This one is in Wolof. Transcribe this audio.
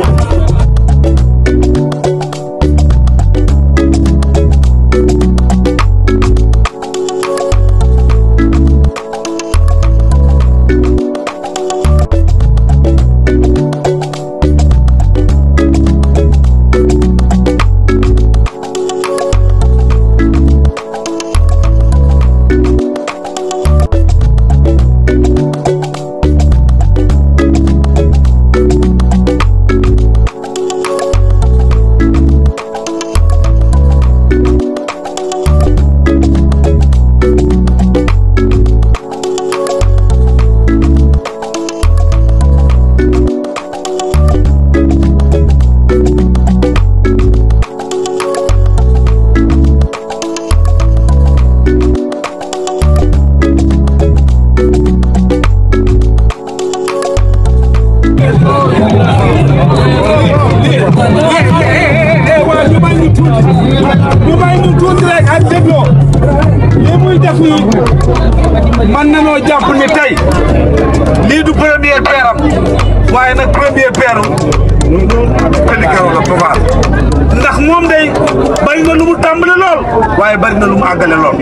ko ñu may ñu tuuti rek ak dégloo li muy def nii mën nañoo jàpp ni tey lii du première peeram waaye nag première peeru Pélikao la Fapal ndax moom day bari lu mu tàmbale lool waaye bari lu mu àggale lool.